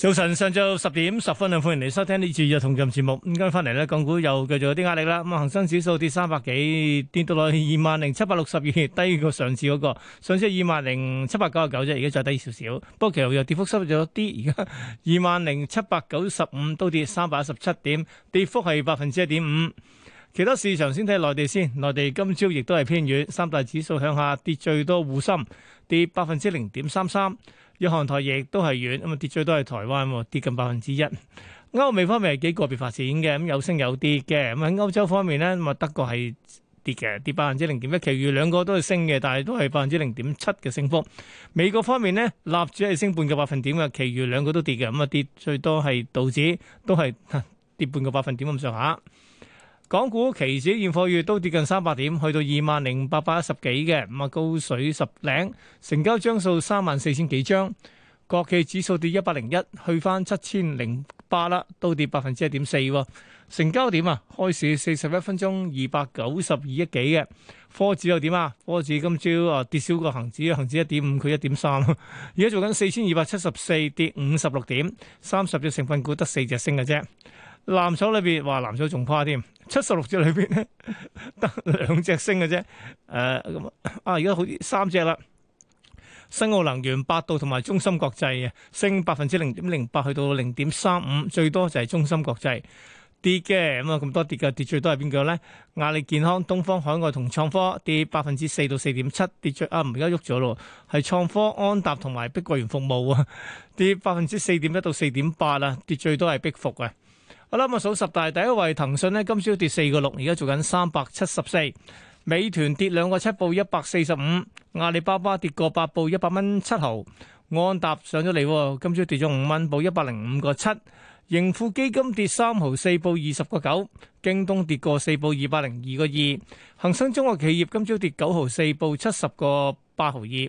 早晨，上晝十點十分啊，歡迎嚟收聽呢次日同日節目。咁跟翻嚟呢，港股又繼續有啲壓力啦。咁啊，恒生指數跌三百幾，跌到落去二萬零七百六十二，低過上次嗰個。上次係二萬零七百九十九啫，而家再低少少。不過其實又跌幅收咗啲，而家二萬零七百九十五都跌三百一十七點，17, 跌幅係百分之一點五。其他市場先睇內地先，內地今朝亦都係偏軟，三大指數向下跌最多，滬深跌百分之零點三三。日韓台亦都係軟，咁啊跌最多係台灣跌近百分之一。歐美方面係幾個別發展嘅，咁有升有跌嘅。咁喺歐洲方面咧，咁啊德國係跌嘅，跌百分之零點一。其餘兩個都係升嘅，但係都係百分之零點七嘅升幅。美國方面咧，納指係升半個百分點嘅，其餘兩個都跌嘅，咁啊跌最多係道指，都係跌半個百分點咁上下。港股期指現貨月都跌近三百點，去到二萬零八百一十幾嘅，咁啊高水十領，成交張數三萬四千幾張。國企指數跌一百零一，去返七千零八啦，都跌百分之一點四。成交點啊，開市四十一分鐘二百九十二億幾嘅。科指又點啊？科指今朝啊跌少過恒指，恒指一點五，佢一點三。而家做緊四千二百七十四，跌五十六點，三十隻成分股得四隻升嘅啫。藍籌裏邊，哇，藍籌仲怕添，七十六隻裏邊咧得兩隻升嘅啫。誒，咁啊，啊而家好似三隻啦。新奧能源、百度同埋中芯國際啊，升百分之零點零八，去到零點三五，最多就係中芯國際跌嘅。咁啊，咁多跌嘅，跌最多係邊個咧？阿里健康、東方海外同創科跌百分之四到四點七，跌最啊唔，而家喐咗咯，係創科、安踏同埋碧桂園服務啊，跌百分之四點一到四點八啊，跌最多係碧服啊。好啦，咁數十大第一位，騰訊呢今朝跌四個六，而家做緊三百七十四。美團跌兩個七，報一百四十五。阿里巴巴跌個八，報一百蚊七毫。安踏上咗嚟，今朝跌咗五蚊，報一百零五個七。盈富基金跌三毫四，報二十個九。京東跌個四，報二百零二個二。恒生中國企業今朝跌九毫四，報七十個八毫二。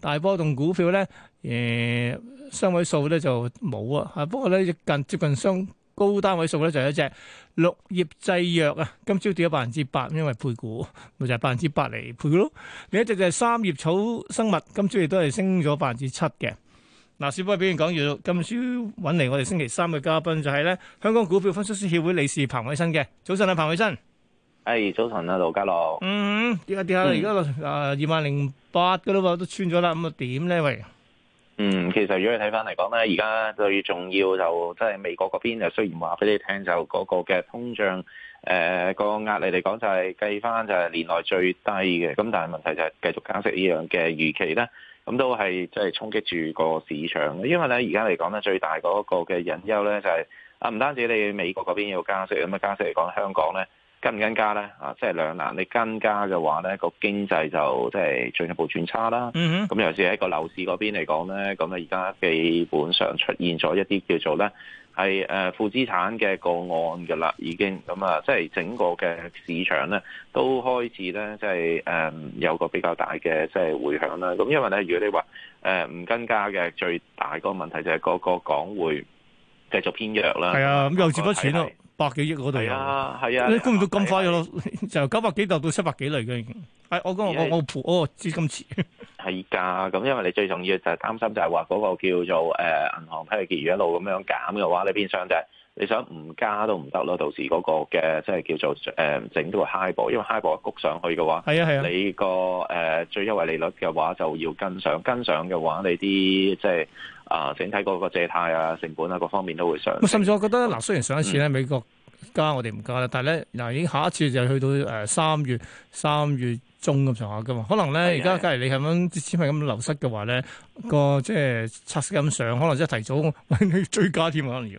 大波動股票咧，誒、欸、雙位數咧就冇啊，吓不過咧近接近雙高單位數咧就有一隻綠葉製藥啊，今朝跌咗百分之八，因為配股咪就係百分之八嚟配咯。另一隻就係三葉草生物，今朝亦都係升咗百分之七嘅。嗱，小、啊、波表現講完，今朝揾嚟我哋星期三嘅嘉賓就係咧香港股票分析師協會理事彭偉新嘅。早晨啊，彭偉新。誒，hey, 早晨啊，盧家樂、嗯呃。嗯，點解點解而家誒二萬零八嘅啦嘛，都穿咗啦，咁啊點咧喂？嗯，其實如果你睇翻嚟講咧，而家最重要就即係美國嗰邊，就雖然話俾你聽就嗰個嘅通脹誒個壓力嚟講就係計翻就係年內最低嘅，咁但係問題就係繼續加息呢樣嘅預期咧，咁都係即係衝擊住個市場，因為咧而家嚟講咧最大嗰個嘅隱憂咧就係、是、啊唔單止你美國嗰邊要加息，咁啊加息嚟講香港咧。跟唔跟加咧？啊，即係兩難。你跟加嘅話咧，個經濟就即係進一步轉差啦。咁、mm hmm. 尤其是喺個樓市嗰邊嚟講咧，咁咧而家基本上出現咗一啲叫做咧係誒負資產嘅個案㗎啦，已經咁啊、嗯，即係整個嘅市場咧都開始咧即係誒有個比較大嘅即係回響啦。咁因為咧，如果你話誒唔跟加嘅，最大個問題就係嗰個港匯繼續偏弱啦。係啊，咁又接不錢咯。百幾億嗰度，係啊，係啊，你估唔到咁快咯，就九百幾度到七百幾嚟嘅，已經係我講的我我盤哦資金池係㗎，咁因為你最重要就係擔心就係話嗰個叫做誒銀行批率結餘一路咁樣減嘅話，你變相就係你想唔加都唔得咯，到時嗰個嘅即係叫做誒、嗯、整到個 high 波，因為 high 波谷上去嘅話，係啊係啊，你個誒、嗯、最優惠利率嘅話就要跟上，跟上嘅話你啲、就是、即係。啊，整體嗰個借貸啊、成本啊各方面都會上。甚至我覺得嗱，嗯、雖然上一次咧美國加我哋唔加啦，但係咧嗱已經下一次就去到誒三月三月中咁上下噶嘛。可能咧而家假如你係咁啲錢係咁流失嘅話咧，個、嗯、即係拆息咁上，可能即係提早你追、嗯、 加添可能要。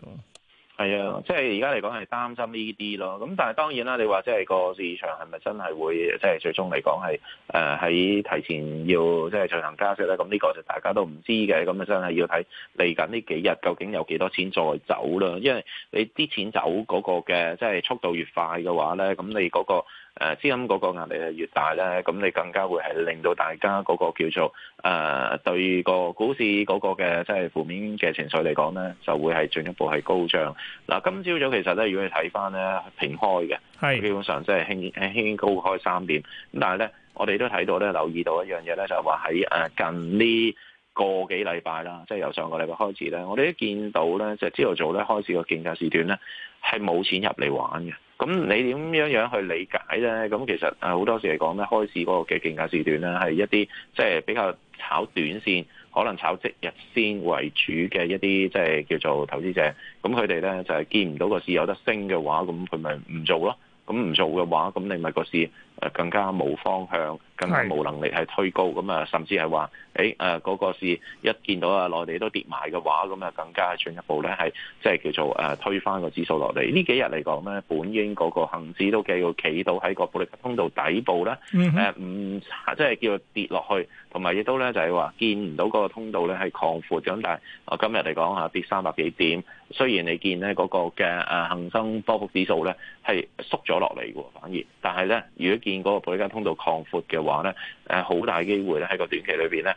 係啊，即係而家嚟講係擔心呢啲咯。咁但係當然啦，你話即係個市場係咪真係會即係最終嚟講係誒喺提前要即係進行加息咧？咁呢個就大家都唔知嘅。咁啊真係要睇嚟緊呢幾日究竟有幾多錢再走啦。因為你啲錢走嗰個嘅即係速度越快嘅話咧，咁你嗰個。誒資金嗰個壓力係越大咧，咁你更加會係令到大家嗰個叫做誒、呃、對個股市嗰個嘅即係負面嘅情緒嚟講咧，就會係進一步係高漲。嗱、呃，今朝早其實咧，如果你睇翻咧平開嘅，係是基本上即係輕，輕輕高開三點。咁但係咧，我哋都睇到咧，留意到一樣嘢咧，就係話喺誒近呢個幾禮拜啦，即、就、係、是、由上個禮拜開始咧，我哋都見到咧，就朝、是、頭早咧開始個競價時段咧係冇錢入嚟玩嘅。咁你點樣樣去理解咧？咁其實啊，好多時嚟講咧，開市嗰個嘅競價時段咧，係一啲即係比較炒短線，可能炒即日先為主嘅一啲即係叫做投資者。咁佢哋咧就係見唔到個市有得升嘅話，咁佢咪唔做咯？咁唔做嘅話，咁你咪個市。誒更加冇方向，更加冇能力係推高，咁啊是，甚至係話，誒誒嗰個市一見到啊內地都跌埋嘅話，咁啊更加進一步咧係即係叫做誒推翻個指數落嚟。呢幾日嚟講咧，本應嗰個恆指都繼續企到喺個布力通道底部咧，誒唔即係叫做跌落去，同埋亦都咧就係話見唔到嗰個通道咧係擴闊咗。我今日嚟講下跌三百幾點，雖然你見咧嗰個嘅誒恆生波幅指數咧係縮咗落嚟嘅，反而，但係咧如果，見嗰個保歷加通道擴闊嘅話咧，誒，好大機會咧喺個短期裏邊咧，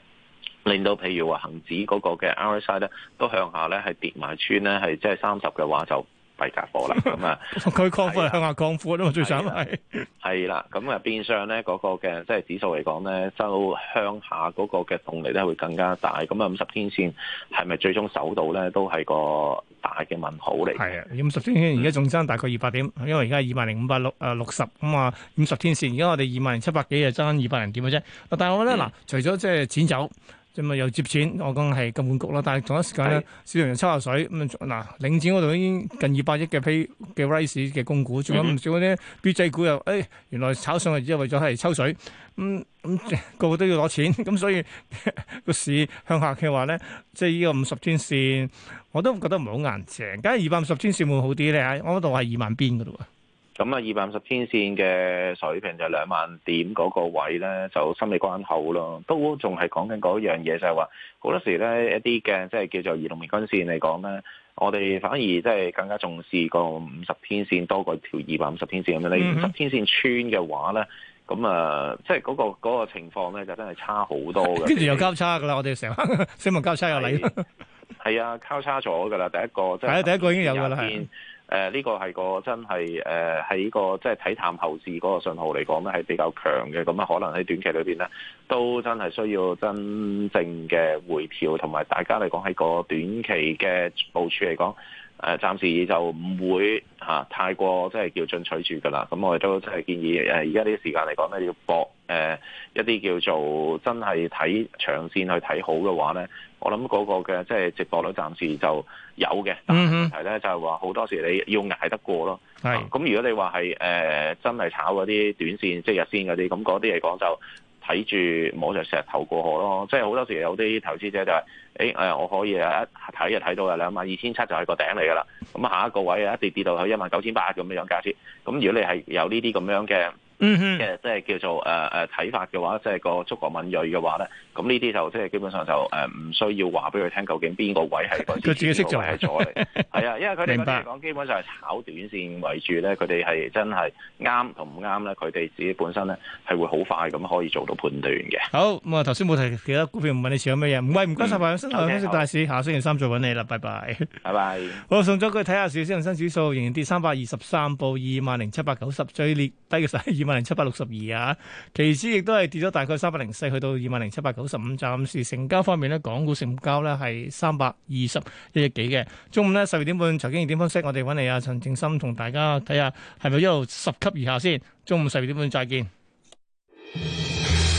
令到譬如話恒指嗰個嘅 RSI 咧都向下咧係跌埋穿咧係即係三十嘅話就。係啦，咁 啊，佢擴闊向下擴闊啊嘛，最慘係係啦，咁啊， 啊變相咧嗰、那個嘅即係指數嚟講咧，收向下嗰個嘅動力咧會更加大，咁啊五十天線係咪最終守到咧，都係個大嘅問號嚟。係啊，五十天線而家仲爭大概二百點，嗯、因為而家二萬零五百六啊六十，咁啊五十天線而家我哋二萬零七百幾啊，爭二百零點嘅啫。但係我覺得，嗱、嗯，除咗即係錢走。咁咪又接錢，我講係金管局啦。但係同一時間咧，但市場又抽下水咁嗱、嗯啊，領展嗰度已經近二百億嘅批嘅 rights 嘅供股，仲有唔少嗰啲 BJ 股又，誒、哎、原來炒上去只係為咗係抽水，咁、嗯、咁、嗯、個個都要攞錢，咁、嗯、所以個 市向下嘅話咧，即係依個五十天線，我都覺得唔係好硬淨，梗係二百五十天線會好啲咧。我嗰度係二萬邊嘅咯喎。咁啊，二百五十天線嘅水平就係兩萬點嗰個位咧，就心理關口咯。都仲係講緊嗰樣嘢，就係話好多時咧，一啲嘅即係叫做移動平均線嚟講咧，我哋反而即係更加重視個五十天線多過條二百五十天線咁樣。你五十天線穿嘅話咧，咁啊，即係嗰個嗰、嗰個情況咧，就真係差好多嘅。跟住 又交叉噶啦，我哋成日醒目交叉又嚟。係 啊，交叉咗噶啦，第一個、啊、第一個已經有噶啦。誒呢、呃這個係個真係誒喺個即係睇淡後市嗰個信號嚟講，咧係比較強嘅。咁啊，可能喺短期裏邊咧都真係需要真正嘅回調，同埋大家嚟講喺個短期嘅部署嚟講。誒，暫時就唔會嚇、啊、太過，即係叫進取住㗎喇。咁我哋都即係建議誒，而家呢啲時間嚟講咧，要搏誒、呃、一啲叫做真係睇長線去睇好嘅話咧，我諗嗰個嘅即係值博率暫時就有嘅。但問題咧就係話好多時你要捱得過咯。係、啊。咁如果你話係誒真係炒嗰啲短線、即日線嗰啲，咁嗰啲嚟講就。睇住摸着石頭過河咯，即係好多時有啲投資者就係、是，誒、欸、誒我可以一睇就睇到啦，兩萬二千七就係個頂嚟噶啦，咁下一個位啊，一跌跌到去一萬九千八咁嘅樣價錢，咁如果你係有呢啲咁樣嘅。invece 嗯哼，嘅即係叫做誒誒睇法嘅話，即係個觸角敏鋭嘅話咧，咁呢啲就即係、就是、基本上就誒唔需要話俾佢聽，究竟邊個位係佢自己識就係左嚟，係啊，因為佢哋講基本上係炒短線為主咧，佢哋係真係啱同唔啱咧，佢哋自己本身咧係會好快咁可以做到判斷嘅。好，咁啊頭先冇提其他股票，唔問你持有乜嘢，唔係唔該曬，偉新頭先分析大市，下星期三再揾你啦，拜拜，拜拜。好，送咗佢睇下，市先恒生指數仍然跌三百二十三點，二萬零七百九十追列低嘅十二萬。萬零七百六十二啊，期指亦都係跌咗大概三百零四，去到二萬零七百九十五，暫時成交方面咧，港股成交咧係三百二十一億幾嘅。中午咧十二點半財經熱點分析，我哋揾嚟啊陳正深同大家睇下係咪一路十級以下先。中午十二點半再見。